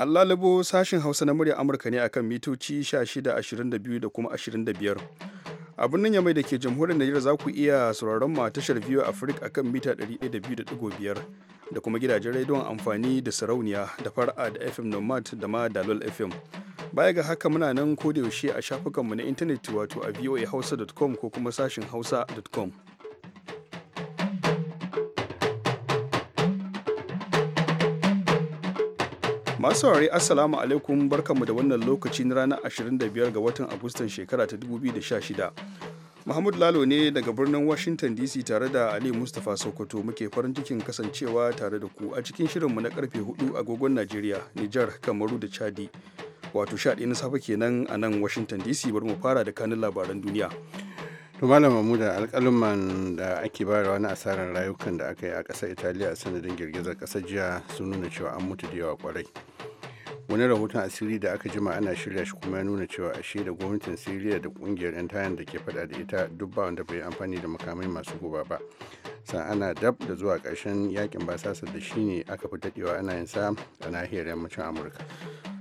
an lalubo sashin hausa na murya amurka ne akan mitoci 16 da kuma 25 a birnin yamai da ke jamhuriyar Najeriya za ku iya sauraron mu a tashar biyu Afirka akan mita 102.5 da kuma gidajen rediyon amfani da sarauniya da fara da FM Nomad da ma Dalol FM. Baya ga haka muna nan ko da yaushe a shafukanmu na intanet wato a voahausa.com ko kuma sashin hausa.com. masu saurari assalamu alaikum barkanmu da wannan lokacin ranar 25 ga watan agustan shekara ta 2016 Muhammad Lalo ne daga birnin Washington DC tare da Ali Mustapha Sokoto muke farin cikin kasancewa tare da ku a cikin shirinmu na karfe 4 agogon Najeriya, Nijar, Kamaru da Chadi. Wato sha na safe kenan a nan Washington DC bari mu fara da kanin labaran duniya. to malam mamuda alƙaluman da ake bayarwa na asarar rayukan da aka yi a ƙasar italiya a sanadin girgizar ƙasar jiya sun nuna cewa an mutu da yawa kwarai wani rahoton asiri da aka jima ana shirya shi kuma ya nuna cewa ashe da gwamnatin siriya da kungiyar 'yan tayan da ke faɗa da ita duk ba wanda bai amfani da makamai masu guba ba san ana dab da zuwa ƙarshen yakin basasa da shine aka fi daɗewa ana yin sa a nahiyar yammacin amurka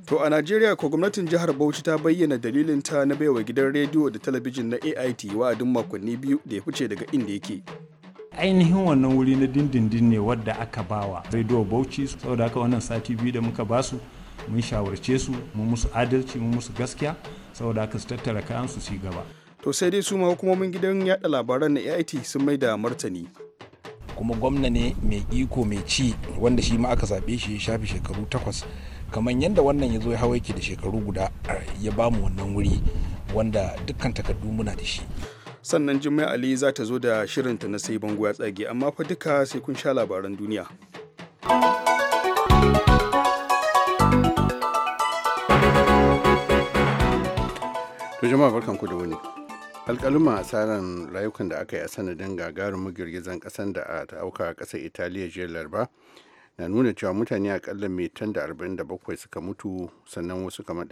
To a Najeriya ko gwamnatin jihar Bauchi ta bayyana dalilin ta na baiwa gidan rediyo da talabijin na AIT wa'adin makonni biyu da ya fice daga inda yake. Ainihin wannan wuri na dindindin ne wadda aka bawa rediyo Bauchi saboda haka wannan sati biyu da muka basu mun shawarce su mu musu adalci mu musu gaskiya saboda haka su tattara kayan su gaba. To sai dai su ma hukumomin gidan yada labaran na AIT sun mai da martani. kuma gwamna ne mai iko mai ci wanda shi ma aka zaɓe shi ya shafi shekaru takwas kamar yadda wannan ya zo ya hawa da shekaru guda ya ba mu wannan wuri wanda dukkan takardu muna da shi sannan jimai ali za ta zo da shirinta na sai bango ya tsage amma fa duka sai kun sha labaran duniya to jama'a barkanku da wani alkaluma tsarin rayukan da aka yi a sanadin gagarumin girgizan kasan da a ta auka a kasar italiya jiya laraba na nuna cewa mutane akalla mai tan da arba'in da bakwai suka mutu sannan wasu kamar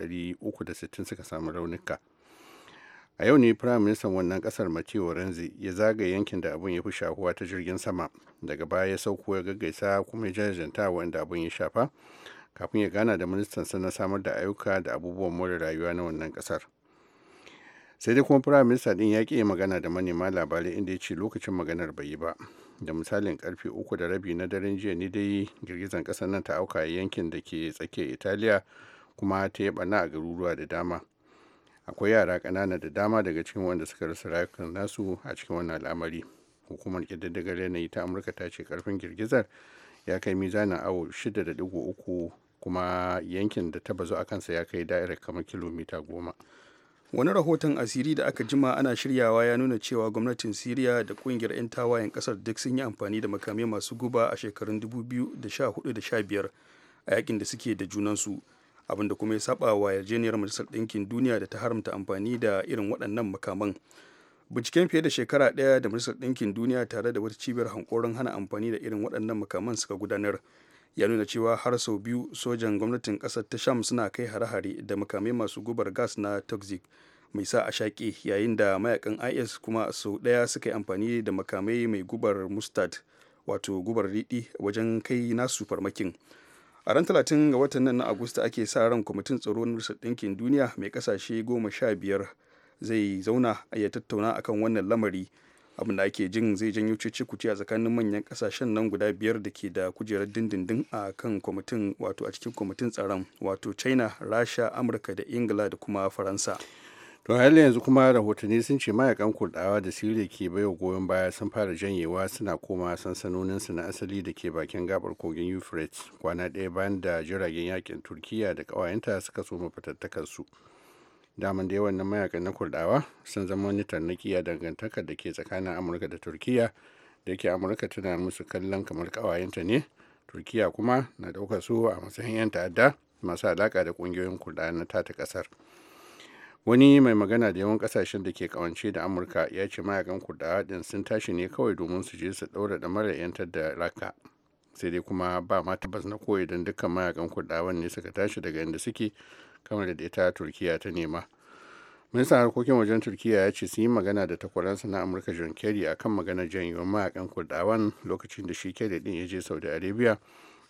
sittin suka samu raunuka a yau ne firayim ministan wannan ƙasar mace renzi ya zagaye yankin da abin ya fi shahuwa ta jirgin sama daga baya ya sauko ya gaggaisa kuma ya jajanta wanda abin ya shafa kafin ya gana da ministan sannan samar da ayyuka da abubuwan more rayuwa na wannan ƙasar. sai dai kuma firayim Minister din ya ƙi magana da manema labarai inda ya ce lokacin maganar bai yi ba da misalin karfe uku da rabi na daren jiya ne dai girgizan kasar nan ta auka yankin da ke tsakiyar italiya kuma ta yi bana a garuruwa da dama akwai yara ƙanana da dama daga cikin wanda suka rasa rayukan nasu a cikin wannan al'amari hukumar ƙididdigar yanayi ta amurka ta ce karfin girgizar ya kai mizanin awo 6.3 kuma yankin da ta bazu a kansa ya kai da'irar kamar kilomita goma. wani rahoton asiri da aka jima ana shiryawa ya nuna cewa gwamnatin siriya da kungiyar 'yan tawayen kasar duk sun yi amfani da makamai masu guba a shekarun 2014 a yakin da suke da junansu abin da kuma ya saba wa yarjeniyar majalisar ɗinkin duniya da ta haramta amfani da irin waɗannan makaman binciken fiye da shekara ɗaya da majalisar ɗinkin duniya tare da wata cibiyar hankoron hana amfani da irin waɗannan makaman suka gudanar ya nuna cewa har sau biyu sojan gwamnatin kasar ta sham suna kai hare-hare da makamai masu gubar gas na toxic mai sa a shaƙe yayin da mayakan is kuma sau ɗaya suka yi amfani da makamai mai gubar mustard wato gubar riɗi wajen kai nasu farmakin a ran 30 ga watan nan na agusta ake sa ran kwamitin tsaro na ɗinkin duniya mai ƙasashe goma sha biyar zai zauna ya tattauna akan wannan lamari abin da ake jin zai janyo cece a tsakanin manyan kasashen nan guda biyar da ke da kujerar dindindin a kan kwamitin wato a cikin kwamitin tsaron wato china rasha amurka da ingila da kuma faransa to hali yanzu kuma rahotanni sun ce mayakan kurdawa da siriya ke baiwa goyon baya sun fara janyewa suna koma sansanoninsu na asali da ke bakin gabar kogin euphrates kwana ɗaya bayan da jiragen yakin turkiya da ƙawayenta suka so mafatattakarsu. su daman da yawan mayakan na kurdawa sun zama wani tarnaki a dangantakar da ke tsakanin amurka da turkiya da yake amurka tana musu kallon kamar kawayenta ne turkiya kuma na ɗaukar su a matsayin 'yan ta'adda masu alaƙa da ƙungiyoyin kurdawa na tata ƙasar wani mai magana da yawan kasashen da ke kawance da amurka ya ce mayakan kurdawa ɗin sun tashi ne kawai domin su je su ɗaura da mara 'yantar da raka sai dai kuma ba ma tabbas na koyi don dukkan mayakan kurdawa ne suka tashi daga inda suke kamar da ita turkiya ta nema ministan harkokin wajen turkiya ya ce sun yi magana da takwaransa na amurka john kerry akan maganar janyo mayakan kurdawan lokacin da shi kerry din ya je saudi arabia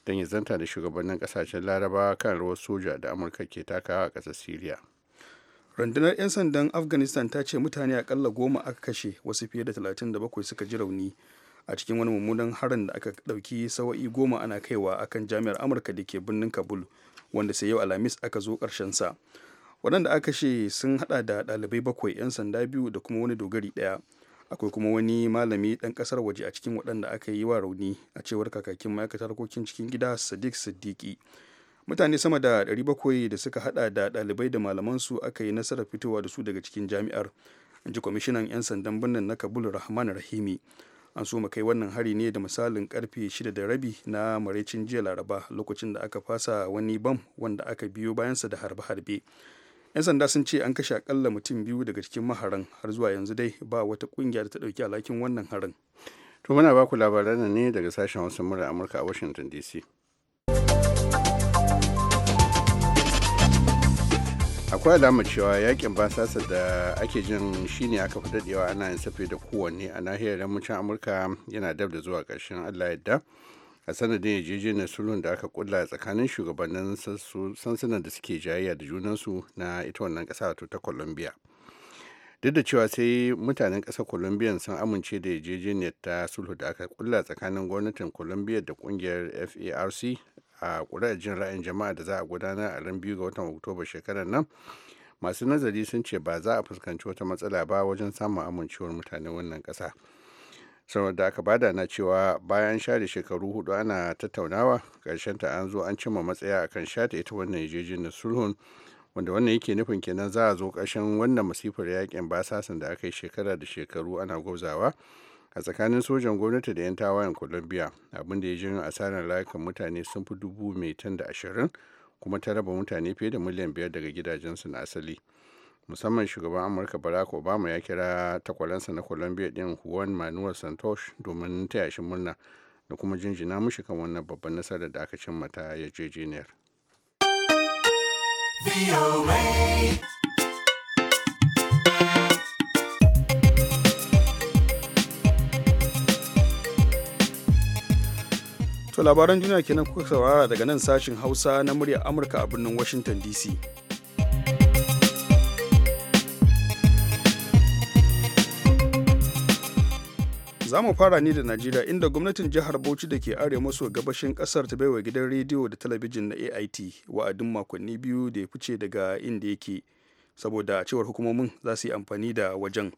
don ya zanta da shugabannin kasashen laraba kan rawar soja da amurka ke takawa a kasar syria rundunar 'yan sandan afghanistan ta ce mutane akalla goma aka kashe wasu fiye da 37 suka ji rauni a cikin wani mummunan harin da aka ɗauki sawa'i goma ana kaiwa akan jami'ar amurka da ke birnin kabul wanda sai yau alhamis aka zo karshen sa waɗanda aka she sun hada da ɗalibai bakwai 'yan sanda biyu da kuma wani dogari ɗaya akwai kuma wani malami ɗan ƙasar waje a cikin waɗanda aka yi wa rauni a cewar kakakin ma'aikatar harkokin cikin gida sadiq siddiqi mutane sama da 700 da suka hada da ɗalibai da malamansu aka yi nasarar fitowa da su daga cikin jami'ar in ji kwamishinan 'yan sandan birnin na kabul rahman rahimi an so kai wannan hari ne da misalin karfe 6 da rabi na maraicin jiya laraba lokacin da aka fasa wani bam wanda aka biyo bayansa da harbe-harbe 'yan sanda sun ce an kashe akalla mutum biyu daga cikin maharan har zuwa yanzu dai ba wata kungiya da ta ɗauki alhakin wannan harin to muna baku labaran ne daga sashen wasu murar amurka a washington dc akwai alama cewa yakin basasa da ake jin shine aka fi dadewa ana yin safe da kowanne a nahiyar yammacin amurka yana dab da zuwa ƙarshen allah yadda a sanadin yajejeniyar sulhun da aka kulla tsakanin shugabannin sansunan da suke jayayya da junansu na ita wannan ƙasa wato ta colombia duk da cewa sai mutanen ƙasar colombia sun amince da yajejeniyar ta sulhu da aka kulla tsakanin gwamnatin colombia da ƙungiyar farc a ƙuri'ar jin ra'ayin jama'a da za a gudanar a ran biyu ga watan oktoba shekarar nan masu nazari sun ce ba za a fuskanci wata matsala ba wajen samun amincewar mutane wannan ƙasa saboda da aka bada na cewa bayan share shekaru hudu ana tattaunawa ta an zo an cimma matsaya akan shata ita wannan na sulhun wanda wannan yake nufin kenan za a zo karshen wannan masifar yakin basasan da aka yi shekara da shekaru ana gwabzawa a tsakanin sojan gwamnati da 'yan tawayen colombia abin da ya janyo asarar layukan mutane sun fi dubu mai tan da ashirin kuma ta raba mutane fiye da miliyan biyar daga gidajensu na asali musamman shugaban amurka barack obama ya kira takwalansa na colombia din juan manuel santos domin taya shi murna da kuma jinjina mushi kan wannan babban nasarar da aka cimma ta yarjejeniyar. To labaran duniya kenan kuka saurara daga nan sashin Hausa na muryar Amurka a birnin Washington DC. Za mu fara ne da Najeriya inda gwamnatin jihar Bauchi da ke arewa maso gabashin kasar ta baiwa gidan rediyo da talabijin na AIT wa'adin makonni biyu da ya fice daga inda yake saboda cewar hukumomin za su yi amfani da wajen.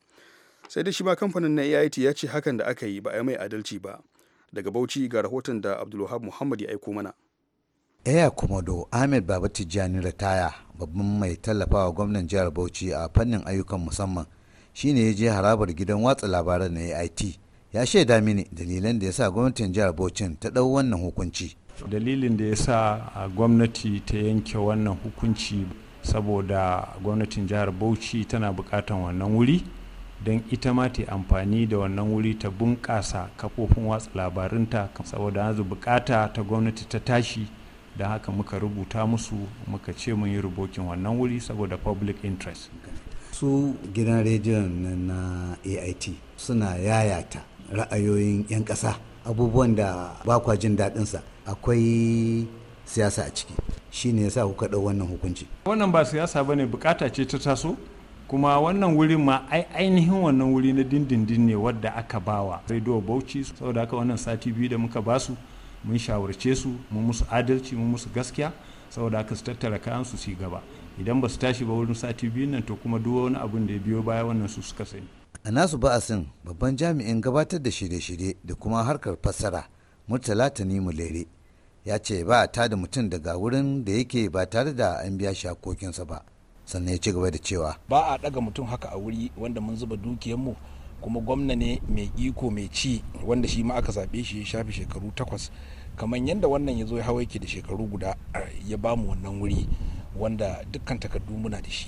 Sai da shi ba kamfanin na AIT ya ce hakan da aka yi ba a yi mai adalci ba. daga bauchi ga rahoton da abdulwahab muhammad ya aiko mana Air Komodo Ahmed Baba Tijjani retaya babban mai tallafa wa gwamnan jihar Bauchi a fannin ayyukan musamman shine ya je harabar gidan watsa labaran na AIT ya shaida mini dalilan da ya sa gwamnatin jihar Bauchi ta ɗau wannan hukunci. Dalilin da ya sa gwamnati ta yanke wannan hukunci saboda gwamnatin jihar Bauchi tana bukatan wannan wuri don ita ma ta amfani da wannan wuri ta bunƙasa kafofin watsa labarunta saboda yanzu bukata ta gwamnati ta tashi da haka muka rubuta musu muka ce mun yi rubokin wannan wuri saboda public interest su gidan rediyon na ait suna yayata ra'ayoyin 'yan ƙasa abubuwan da ba kwa jin daɗinsa akwai siyasa a ciki shi ne ya sa kuka ɗau wannan hukunci wannan ba siyasa ba ne bukata ce ta taso kuma wannan wurin ma ai ainihin wannan wuri na dindindin ne wadda aka bawa radio bauchi saboda haka wannan sati biyu da muka basu mun shawarce su mun musu adalci mun musu gaskiya saboda haka su tattara kayan su ci gaba idan ba su tashi ba wurin sati biyu nan to kuma duk wani abun da ya biyo baya wannan su suka sani a nasu ba'asin babban jami'in gabatar da shirye-shirye da kuma harkar fassara murtala tani lere ya ce ba ta da mutum daga wurin da yake ba tare da an biya shakokinsa ba sannan ya ci gaba da cewa ba a daga mutum haka a wuri wanda mun zuba mu kuma gwamna ne mai iko mai ci wanda shi ma aka zaɓe shi ya shafi shekaru takwas kamar yadda wannan ya zo ya hawa yake da shekaru guda ya ba mu wannan wuri wanda dukkan takardu muna da shi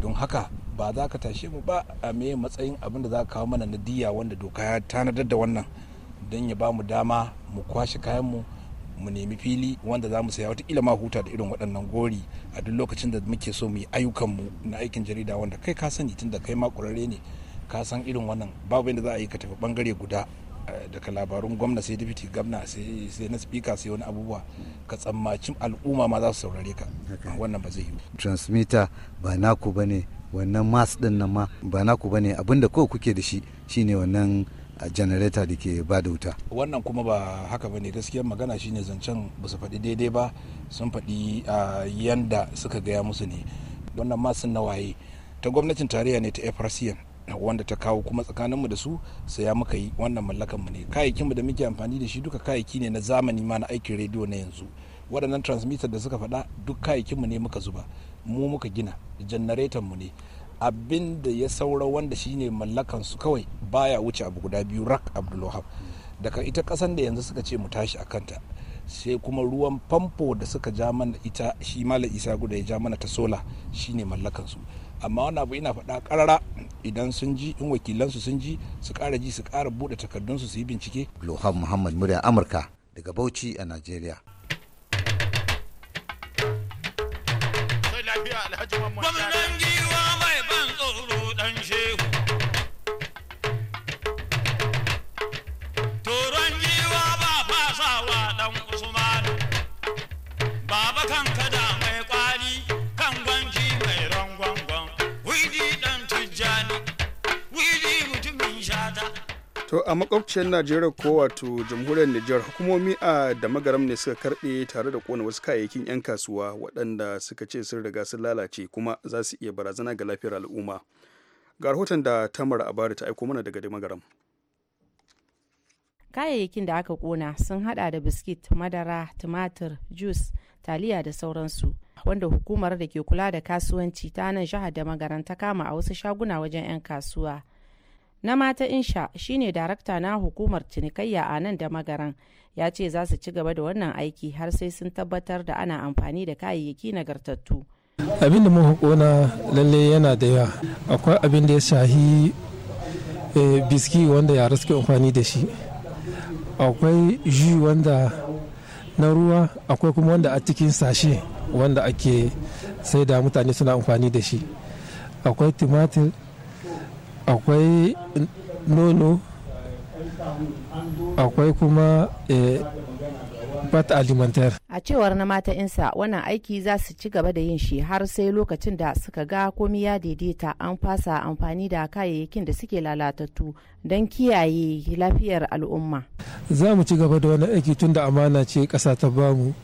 don haka ba za ka tashe mu ba a me matsayin abin da za ka kawo mana na diya wanda doka ya tanadar da wannan don ya ba mu dama mu kwashe kayan mu mu nemi fili wanda za mu saya wata ma huta da irin waɗannan gori a duk lokacin da muke so mu yi ayyukanmu na aikin jarida wanda kai ka sani tun da kai ma ƙwararre ne ka san irin wannan babu yadda za a yi ka tafi ɓangare guda eh, daga labarun gwamna sai deputy gwamna sai na speaker sai wani abubuwa ka tsammacin al'umma ma za su saurare ka ah, wannan ba zai yi transmitter ba naku ne wannan mass din ma ba naku ba ne abinda kawai kuke da shi shine wannan a janareta da ke ba da wuta wannan kuma ba haka ba ne gaskiyar magana shine zancen ba su faɗi daidai ba sun faɗi yanda suka gaya musu ne wannan ma sun nawaye ta gwamnatin tarayya ne ta efrasiyan wanda ta kawo kuma tsakaninmu da su saya muka yi wannan mallakanmu ne kayayyakinmu da muke amfani da shi duka kayayyaki ne na zamani ma na aikin rediyo na yanzu waɗannan transmitter da suka faɗa duk kayayyakinmu ne muka zuba mu muka gina mu ne abin da ya saura wanda shine mallakan su kawai baya wuce abu guda biyu rak abdulwahab daga ita kasan da yanzu suka ce mu tashi a kanta sai kuma ruwan famfo da suka ja mana ita shi mala isa guda ya ja mana ta sola shine mallakan su amma wani abu ina faɗa karara idan sun ji in wakilansu sun ji su kara ji su ƙara buɗe takardunsu su yi bincike. Lohan Muhammad murya Amurka daga Bauchi a Najeriya. Gwamnan a makwabciyar najeriya ko wato jamhuriyar nijar hukumomi a da magaram ne suka karbe tare da kona wasu kayayyakin 'yan kasuwa waɗanda suka ce sun riga sun lalace kuma za su iya barazana ga lafiyar al'umma ga rahoton da tamar abari ta aiko mana daga magaram kayayyakin da aka kona sun hada da biskit madara tumatir jus taliya da sauransu wanda hukumar da ke kula da kasuwanci ta nan jihar da magaran ta kama a wasu shaguna wajen 'yan kasuwa na mata insha shine darakta na hukumar cinikayya a nan da magaran ya ce za su ci gaba da wannan aiki har sai sun tabbatar da ana amfani da kayayyaki nagartattu abin da mahukuna lalle yana da yawa akwai abin da ya shahi eh, biski wanda yara suke amfani da shi akwai ji wanda na ruwa akwai kuma wanda a cikin sashe wanda ake sai da mutane suna amfani da shi akwai tumatir. akwai nono akwai kuma bat eh, alimentar a cewar na mata insa wannan aiki za su ci gaba da yin shi har sai lokacin da suka ga komi ya daidaita an fasa amfani da kayayyakin da suke lalatattu don kiyaye lafiyar al'umma za mu ci gaba da wani aiki tun da amana ce kasa ta bamu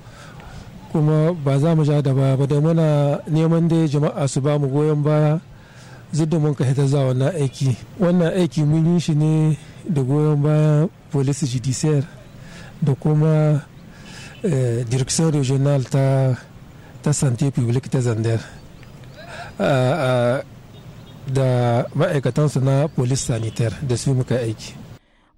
kuma ba za mu ja da baya ba da muna neman dai jama'a su bamu goyon baya zidda mun ka hita za wannan aiki wannan aiki mun yi shi ne da goyon bayan polisi judiciaire da kuma eh, direction regional ta ta santé publique ta zandar da ma'aikatansu na police sanitaire da su muka aiki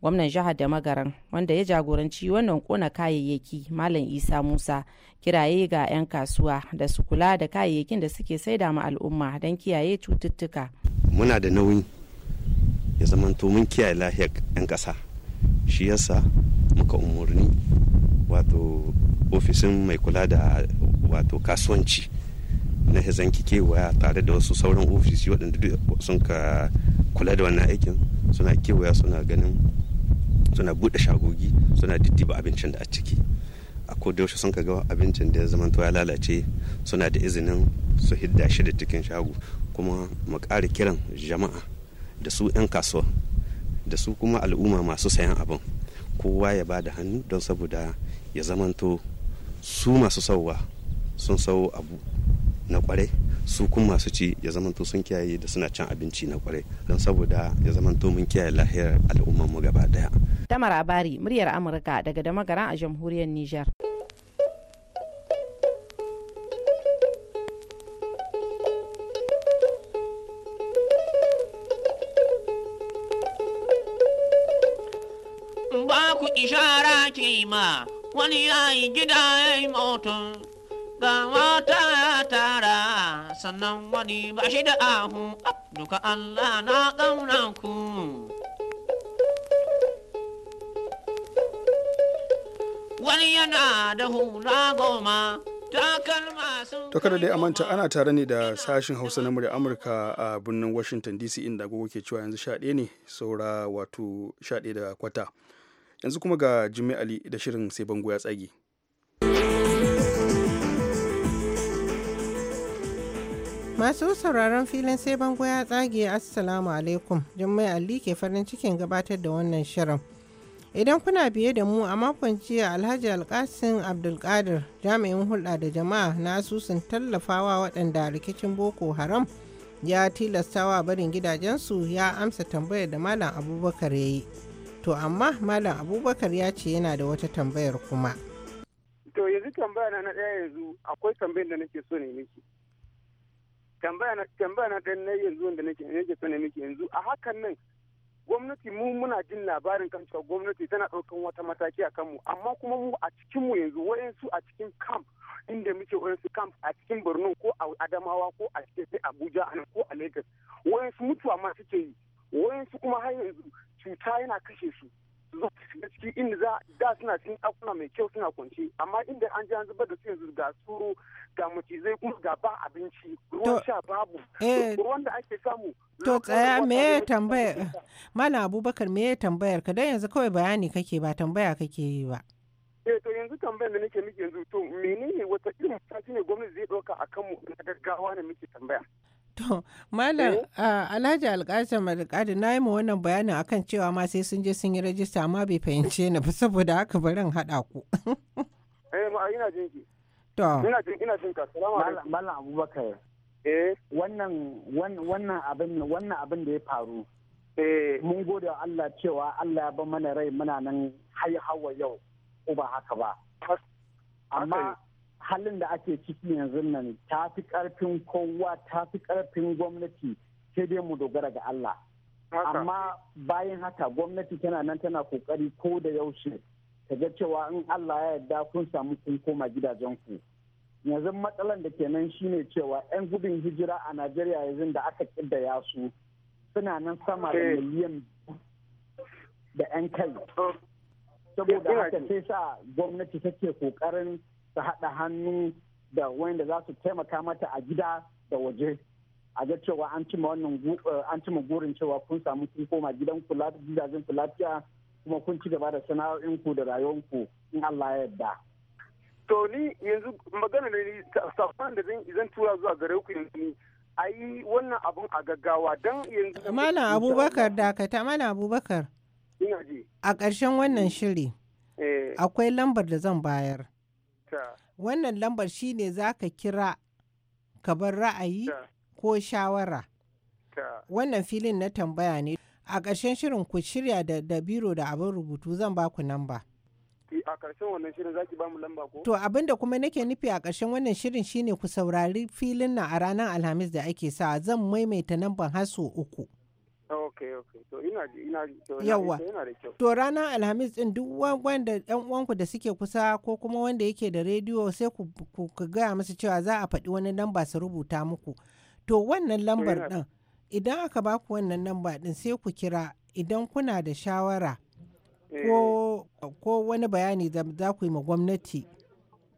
gwamnan jihar da magaran wanda ya jagoranci wannan kona kayayyaki malam isa musa kiraye ga 'yan kasuwa da su kula da kayayyakin da suke saida ma al'umma don kiyaye cututtuka muna da nauyi ya zamanto mun kiyaye lahiyar 'yan kasa shi yasa muka umarni wato ofishin mai kula da wato kasuwanci na hezanki kewaya tare da wasu sauran ofishi waɗanda sun ka kula da wannan aikin suna kewaya suna ganin suna buɗe shagogi suna diddiba abincin da a ciki a yaushe sun ka ga abincin da ya zama ya lalace suna da izinin su hidda shi da cikin shago kuma mu ƙara kiran jama'a da su 'yan kasuwa da su kuma al'umma masu sayan abin kowa ya ba da hannu don saboda ya zamanto su masu sauwa sun sau abu na kwarai su kun masu ci ya zamanto sun kiyaye da suna cin abinci na kwarai don saboda ya zamanto mun kiyaye lahiyar al'ummar mu gaba daya Tamar Abari, muryar Amurka daga Damagara a jamhuriyar Nijar. Ba ku ishara ke ma wani yayi gida ya yi mutum ga mata ya tara sannan wani ba shi da ahu duka Allah na ƙauna ku. har yana da hula goma To kada dai amanta ana tare ne da sashin Hausa na murya Amurka a birnin Washington DC inda agogo ke cewa yanzu sha ne saura wato sha da kwata. Yanzu kuma ga Jimmy Ali da shirin sai bango ya tsage. Masu sauraron filin sai bango ya tsage Assalamu alaikum. jimmy Ali ke farin cikin gabatar da wannan shirin. Idan kuna biye da mu a makon jiya Alhaji Alkasin Abdulkadir jami'in hulɗa da jama'a na asusun tallafawa waɗanda rikicin Boko Haram ya tilastawa barin gidajensu ya amsa tambayar da Malam Abubakar ya yi. To amma Malam Abubakar ya ce yana da wata tambayar kuma. To yanzu tambaya na ɗaya yanzu akwai tambayar da nake so ne miki. Tambaya na tambaya na ɗaya yanzu wanda nake nake so ne miki yanzu a hakan nan gwamnati mu muna jin labarin kan cewa gwamnati tana ɗaukan wata mataki a kanmu amma kuma mu a cikin mu yanzu wayansu a cikin camp inda muke wayansu camp a cikin Borno ko a Adamawa ko a cikin Abuja ko a Lagos wayansu mutuwa ma suke yi wayansu kuma har yanzu cuta yana kashe su zo ciki inda za da suna cikin ɗakuna mai kyau suna kwance. amma inda an ji an zubar da su yanzu ga suru ga macizai kuma ga ba abinci ruwan sha babu eh, ruwan da ake samu To tsaya me ya tambayar mana Abubakar me ya tambayar ka dan yanzu kawai bayani kake ba tambaya kake yi ba. Eh to yanzu tambayar da nake miki yanzu to menene wata irin mataki ne gwamnati zai dauka akan mu na gaggawa ne muke tambaya. To Malam eh? Alhaji Alkasim Alkadi na yi ma wannan bayanin akan cewa ma sai sun je sun yi rajista amma bai fahimce ni ba saboda haka barin haɗa ku. Eh ma ina jinki. To. Ina ina jin ka. Malam Abubakar. Eh, wannan wannan abin da ya faru eh, mun gode Allah cewa Allah ya ba mana rai muna nan haihawa yau ko ba haka ba amma halin da ake ciki yanzu nan ta fi karfin kowa ta fi karfin gwamnati sai dai mu dogara ga Allah amma bayan haka gwamnati tana nan tana kokari ko da yaushe ta ga cewa in Allah ya yarda kun samu kun koma gidajenku. yanzu matsalar da kenan shine cewa 'yan gudun hijira a najeriya yanzu da aka kiddaya su suna nan sama da eh. miliyan da 'yan kai oh. saboda haka sai sa gwamnati take kokarin su haɗa hannu da wanda za su taimaka mata a gida da waje a ga cewa an cima wannan eh, an cima gurin cewa kun samu kun koma gidan ku gidajen ku lafiya kuma kun ci gaba da sana'o'inku da rayuwanku in Allah ya yarda. to ni yanzu magana da safan da zan tura zuwa gare ku yanzu a yi wannan abun a gaggawa don yanzu malam abubakar dakata malam abubakar a ƙarshen wannan shiri eh. akwai lambar da zan bayar wannan lambar shine za ka kira ka bar ra'ayi ko shawara wannan filin na tambaya ne a ƙarshen shirin ku shirya da biro da abin rubutu zan ba ku namba. a ƙarshen wannan shirin zaki ba mu lamba ko to abinda kuma nake nufi a ƙarshen wannan shirin shine ku saurari filin na a ranar alhamis da ake sa zan maimaita namban haso uku Okay, to ranar alhamis din duk wanda yan uwanku da suke kusa ko kuma wanda yake da rediyo sai ku, gaya musu cewa za a faɗi wani lamba su rubuta muku to wannan lambar ɗin idan aka baku wannan lamba ɗin sai ku kira idan kuna da shawara Eh. ko wani bayani da za ku yi ma gwamnati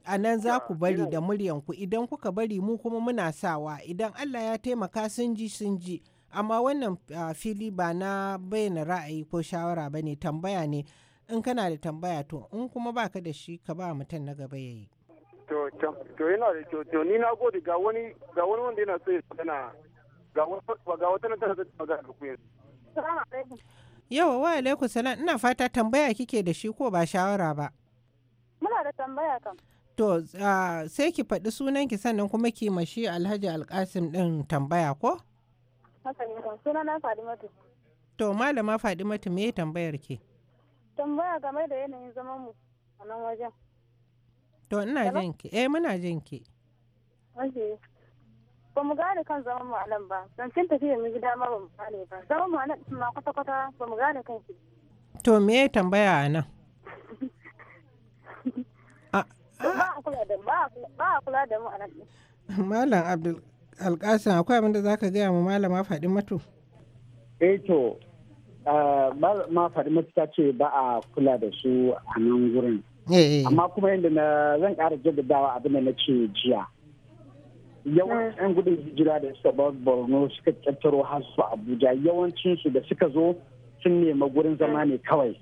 a nan za ku bari da muryanku idan kuka bari mu kuma muna sawa idan allah ya taimaka sun ji sun ji amma wannan ah, fili ba na bayyana ra'ayi ko shawara ba ne tambaya ne in kana da tambaya to in kuma ba ka da shi ka ba mutum na gaba ya yi to yana da to ni na gode ga wani ga wani wanda yana so ya magana ga wata na tana magana da ku Yawa wa alaikum salam ina fata tambaya kike da shi ko ba shawara ba. Muna da tambaya kam. To sai ki faɗi sunan ki sannan kuma ki mashi Alhaji Alkasim ɗin tambaya ko? Haka ne kan suna na Fadimatu. To malama Fadimatu me tambayar ki? Tambaya game da yanayin zaman mu a nan wajen. To ina jinki Eh muna jinki ki. Okay. ba mu gane kan zaman mu a nan ba zancen tafiya mu gida ma ba mu gane ba zaman mu a nan ma kwata kwata ba mu gane kan shi to me ya tambaya a nan ah, ba a kula da mu a nan malam abdul alkasan akwai abin da ka gaya ma malama faɗi mato eh to ah, ma faɗi mato ta ce ba a kula da su a nan gurin eh, eh. amma kuma yadda na zan ƙara jaddadawa abin da na ce jiya yawancin hmm. 'yan gudun hijira da suka bar borno suka tattaro har su abuja yawancinsu da suka zo sun nema gurin zama ne hmm. kawai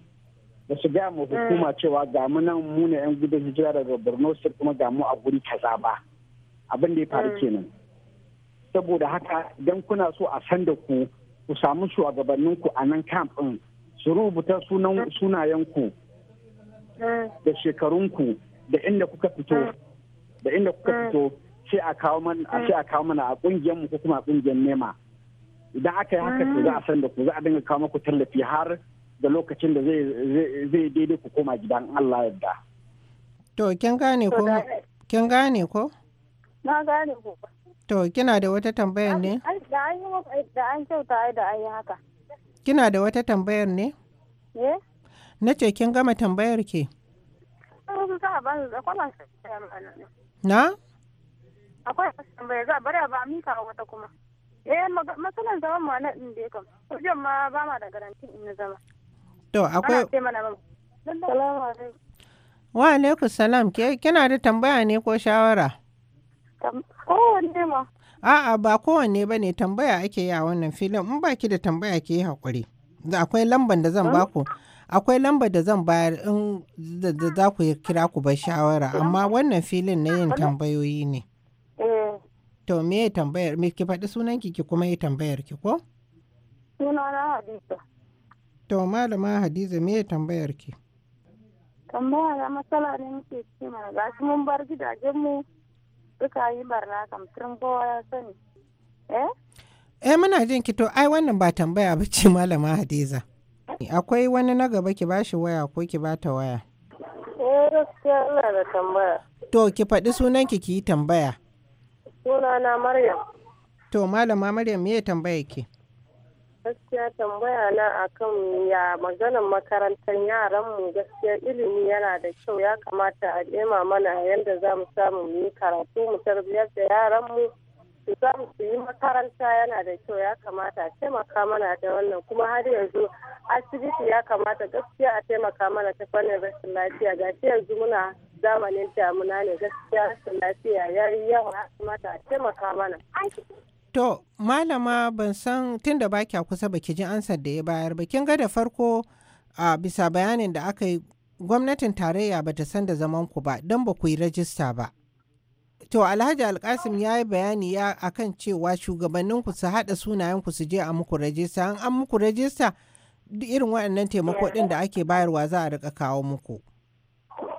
da su gaya ma hmm. hukuma cewa ga mu nan mu ne 'yan gudun hijira daga borno su kuma ga mu a guri kaza ba abin da ya faru kenan saboda haka idan kuna so a san da ku ku samu shugabannin ku a nan camp in su rubuta sunan sunayen ku da shekarun ku da inda kuka fito da inda kuka fito ce a kawo mana a ce a kawo mana a kungiyar mu ko kuma a kungiyar nema idan aka yi haka to za a san da ku za a dinga kawo muku tallafi har da lokacin da zai daidai ku koma gidan Allah yadda to kin gane ko kin gane ko na gane ko to kina da wata tambayar ne da an yi da an kyauta da an yi haka kina da wata tambayar ne eh na ce kin gama tambayar ke eh, na akwai tambaya za bari ba mika wa wata kuma eh matsalan zaman mu na din dai kam wajen ma ba ma da garantin in zama to akwai wa alaiku salam kina da tambaya ne ko shawara kowanne ma a'a ba kowanne ba ne tambaya ake yi a wannan filin in baki da tambaya ke yi haƙuri akwai lambar da zan baku akwai lambar da zan bayar in da za ku kira ku ba shawara amma wannan filin na yin tambayoyi ne To me tambayar me ki faɗi sunanki ki kuma yi tambayar ki ko? Sunana Hadiza. To malama Hadiza me tambayar ki? Tambaya na matsala ne muke ci ma, ga shi mun bar gidajenmu duka yi barna kamfirin kowa ya sani. Eh? Eh muna jin ki to ai wannan ba tambaya ba ce malama Hadiza. Akwai wani na gaba ki bashi waya ko ki bata waya? Eh gaskiya ina da tambaya. To ki faɗi sunanki ki yi tambaya. Sunana Maryam. To Malama Maryam me tambaya ke? Gaskiya tambaya na akan ya maganan makarantar yaranmu gaskiya ilimi yana da kyau ya kamata a nema mana yadda za mu samu mu yi karatu mu tarbiyyar da yaranmu. su yi makaranta yana da kyau ya kamata a taimaka mana da wannan kuma har yanzu asibiti ya kamata gaskiya a taimaka mana ta fannin rashin lafiya shi yanzu muna zamanin damuna ne gaskiya rashin lafiya ya yi yawa ya kamata a taimaka mana. To, malama ban san tunda ba kya kusa baki ji ansar da ya bayar ba kin ga da farko a bisa bayanin da aka yi gwamnatin tarayya bata san da zaman ku ba don ba ku yi rajista ba. To Alhaji Alkasim ya yi bayani ya akan cewa shugabanninku su haɗa ku su je a muku rajista. An an muku rajista irin waɗannan taimako ɗin da ake bayarwa za a rika kawo muku.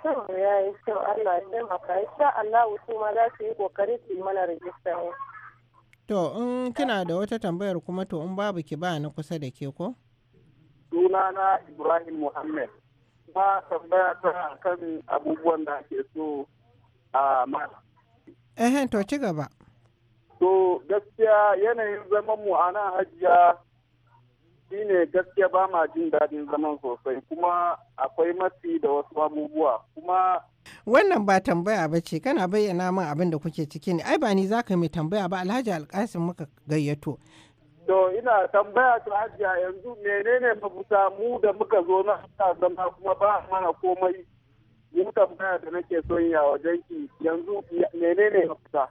To ya yi kyau Allah ya taimaka. Allah ma za su yi kokari su yi mana rajista To in kina da wata tambayar kuma to in babu ki ba na kusa da ke ko? Sunana Ibrahim muhammed Ba tambaya ta kan abubuwan da ake so a Ehen to ci gaba. To gaskiya yanayin zaman mu a ajiya shine gaskiya ba ma jin daɗin zaman sosai kuma akwai matsi da wasu abubuwa kuma wannan ba tambaya ba ce kana bayyana min abin da kuke ciki ne ai ba ni zaka mai tambaya ba alhaji alkasim muka gayyato to ina tambaya to hajiya yanzu menene mafuta mu da muka zo na zama kuma ba mana komai yin tambaya da nake son yi a wajen ki yanzu menene mafita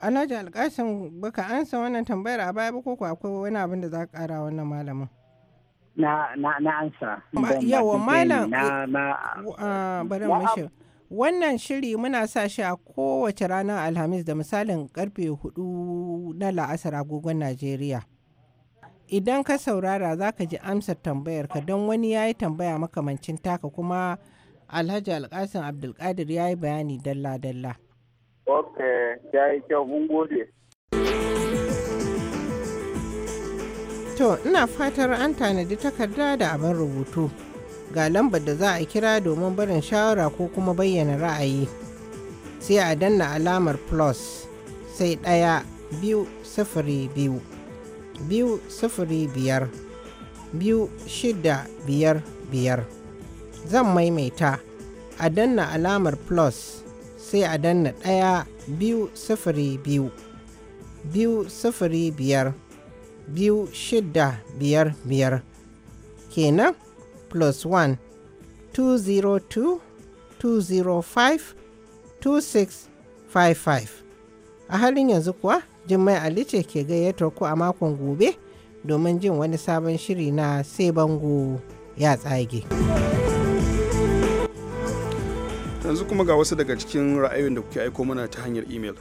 Alhaji Alkasim baka ansa wannan tambayar a baya ba ko akwai wani abin da za ka kara wannan malamin na na na ansa yawa malam na eh, ah, bari mu wannan shiri muna sa shi a kowace ranar alhamis da misalin karfe hudu na la'asar agogon najeriya idan ka saurara za ka ji amsar tambayarka don wani ya yi tambaya makamancin taka kuma alhaji alkasin abdulkadir ya yi bayani dalla-dalla ok ya yi kyau mun gode to ina fatar an tanadi takarda da abin rubutu ga lambar da za a kira domin barin shawara ko kuma bayyana ra'ayi sai a danna alamar plus sai ɗaya biyu sifiri biyu biyu sifiri biyar biyu shida biyar biyar zan maimaita a danna alamar plus sai a danna ɗaya biyu sifiri biyu biyu sifiri biyar biyu shidda biyar biyar kenan plus one two zero two a halin yanzu kuwa Jummai Ali ce ke gayyatar ku a makon gobe domin jin wani sabon shiri na sai bango ya tsage. yanzu kuma ga wasu daga cikin ra'ayoyin da kuke aiko mana ta hanyar imel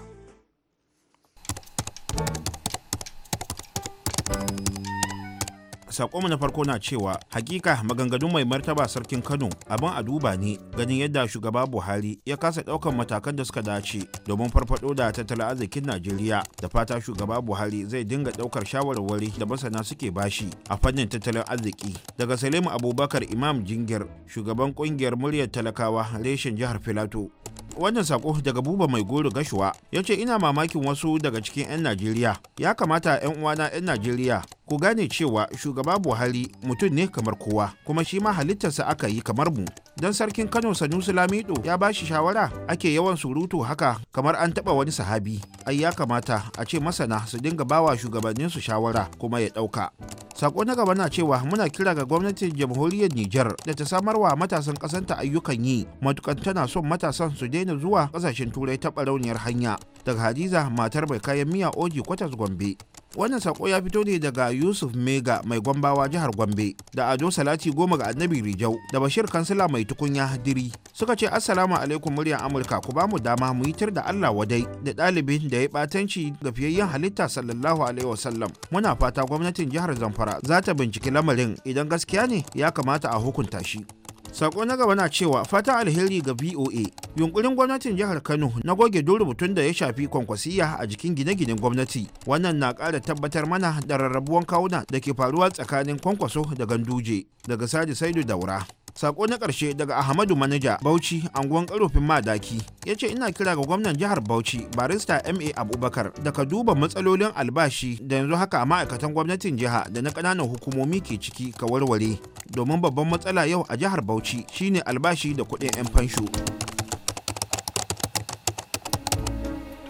Sako na farko na cewa hakika maganganun mai martaba sarkin Kano abin a duba ne ganin yadda shugaba Buhari ya kasa daukan matakan da suka dace domin farfado da tattalin arzikin Najeriya da fata shugaba Buhari zai dinga daukar shawarwari da masana suke bashi a fannin tattalin arziki. Daga Salimu Abubakar Imam Jingir shugaban kungiyar muryar talakawa reshen jihar Filato. wannan sako daga buba mai goro gashuwa ya ce ina mamakin wasu daga cikin 'yan najeriya ya kamata 'yan uwana 'yan najeriya ku gane cewa shugaba buhari mutum ne kamar kowa kuma shi ma halittarsa aka yi kamar mu don sarkin kano sanusi lamido ya ba shi shawara ake yawan surutu haka kamar an taba wani sahabi ai ya kamata a ce masana su dinga bawa shugabannin su shawara kuma ya dauka sako na gaba na cewa muna kira ga gwamnatin jamhuriyar Nijar da ta samar wa matasan kasanta ayyukan yi matukan tana son matasan su daina zuwa kasashen turai ta barauniyar hanya daga hadiza matar mai kayan miya oji kwatas gombe wannan sako ya fito ne daga yusuf mega mai gwambawa jihar gombe da ado salati goma ga annabi rijau da bashir kansila mai tukunya diri suka ce assalamu alaikum muryar amurka ku bamu dama mu yi da allah wadai da ɗalibin da ya ɓatanci ga fiyayyen halitta sallallahu alaihi wasallam muna fata gwamnatin jihar zamfara za ta binciki lamarin idan gaskiya ne ya kamata a hukunta shi Sako na gaba na cewa fata alheri ga VOA yunkurin gwamnatin jihar Kano na goge rubutun da ya shafi kwankwasiya a jikin gine-ginen gwamnati. Wannan na ƙara tabbatar mana da rarrabuwan kawuna da ke faruwa tsakanin kwankwaso da ganduje daga Sadi Saidu Daura. sako na karshe daga ahmadu manaja bauchi anguwan karofin madaki ya ce ina kira ga gwamnan jihar bauchi barista ma abubakar da ka duba matsalolin albashi da yanzu haka a ma'aikatan gwamnatin jiha da na ƙananan hukumomi ke ciki ka warware domin babban matsala yau a jihar bauchi shine albashi da kuɗin 'yan fansho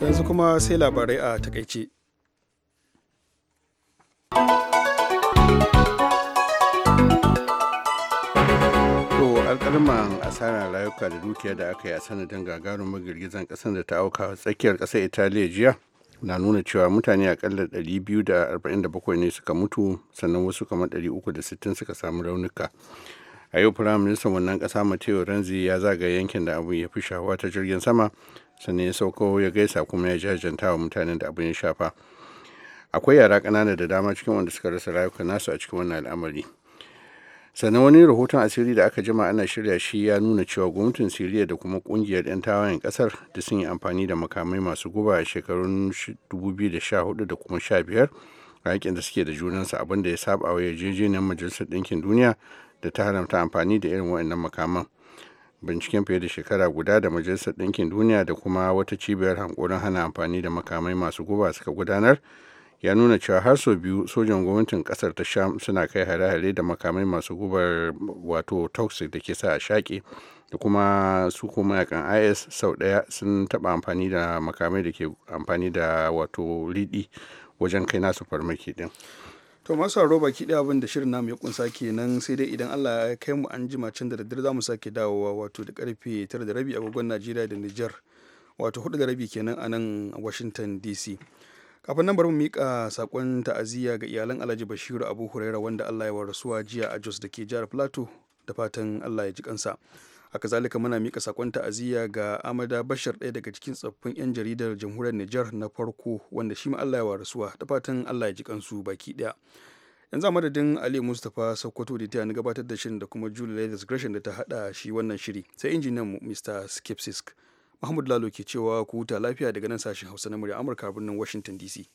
yanzu kuma sai labarai a takaice kalmar asarar rayuka da dukiya da aka yi a sanadin gagarumin girgizan kasar da ta auka tsakiyar kasar italiya jiya na nuna cewa mutane akalla 247 ne suka mutu sannan wasu kamar 360 suka samu raunuka a yau firaministan wannan kasa mateo renzi ya zaga yankin da abin ya fi shawa ta jirgin sama sannan ya sauko ya gaisa kuma ya jajanta wa mutanen da abin ya shafa akwai yara ƙanana da dama cikin wanda suka rasa rayuka nasu a cikin wannan al'amari sannan wani rahoton asiri da aka jima ana shirya shi ya nuna cewa gwamnatin siriya da kuma kungiyar 'yan tawayen kasar da sun yi amfani da makamai masu guba a shekarun 2014 da kuma 15 a da suke da junansa abinda da ya saba wa yarjejeniyar majalisar ɗinkin duniya da ta haramta amfani da irin wa'annan makaman binciken fiye da shekara guda da majalisar ɗinkin duniya da kuma wata cibiyar hankoron hana amfani da makamai masu guba suka gudanar ya nuna cewa har sau biyu sojan gwamnatin kasar ta sham suna kai hare-hare da makamai masu gubar wato toxic da ke sa a shaƙe da kuma su kuma mayakan is sau ɗaya sun taɓa amfani da makamai da ke amfani da wato liɗi wajen kai nasu farmaki ɗin to masu roba kiɗi abin da shirin namu ya kunsa kenan sai dai idan allah ya kai mu an jima can da daddare za mu sake dawowa wato da karfe tara da rabi agogon najeriya da nijar wato hudu da rabi kenan a nan washington dc kafin nan bari mu mika sakon ta'aziyya ga iyalan alhaji bashiru abu huraira wanda allah ya warasuwa jiya a jos da ke jihar plateau da fatan allah ya ji kansa haka zalika muna mika sakon ta'aziyya ga amada bashar ɗaya daga cikin tsaffin 'yan jaridar jamhuriyar niger na farko wanda shi ma allah ya warasuwa da fatan allah ya ji kansu baki ɗaya yanzu a madadin ali mustapha sokoto da ta gabatar da shirin da kuma julie ladies gresham da ta hada shi wannan shiri sai injiniyan mu mr skepsis Mahmud Lalo ke cewa ku huta lafiya daga nan sashen Hausa na murya Amurka birnin Washington DC.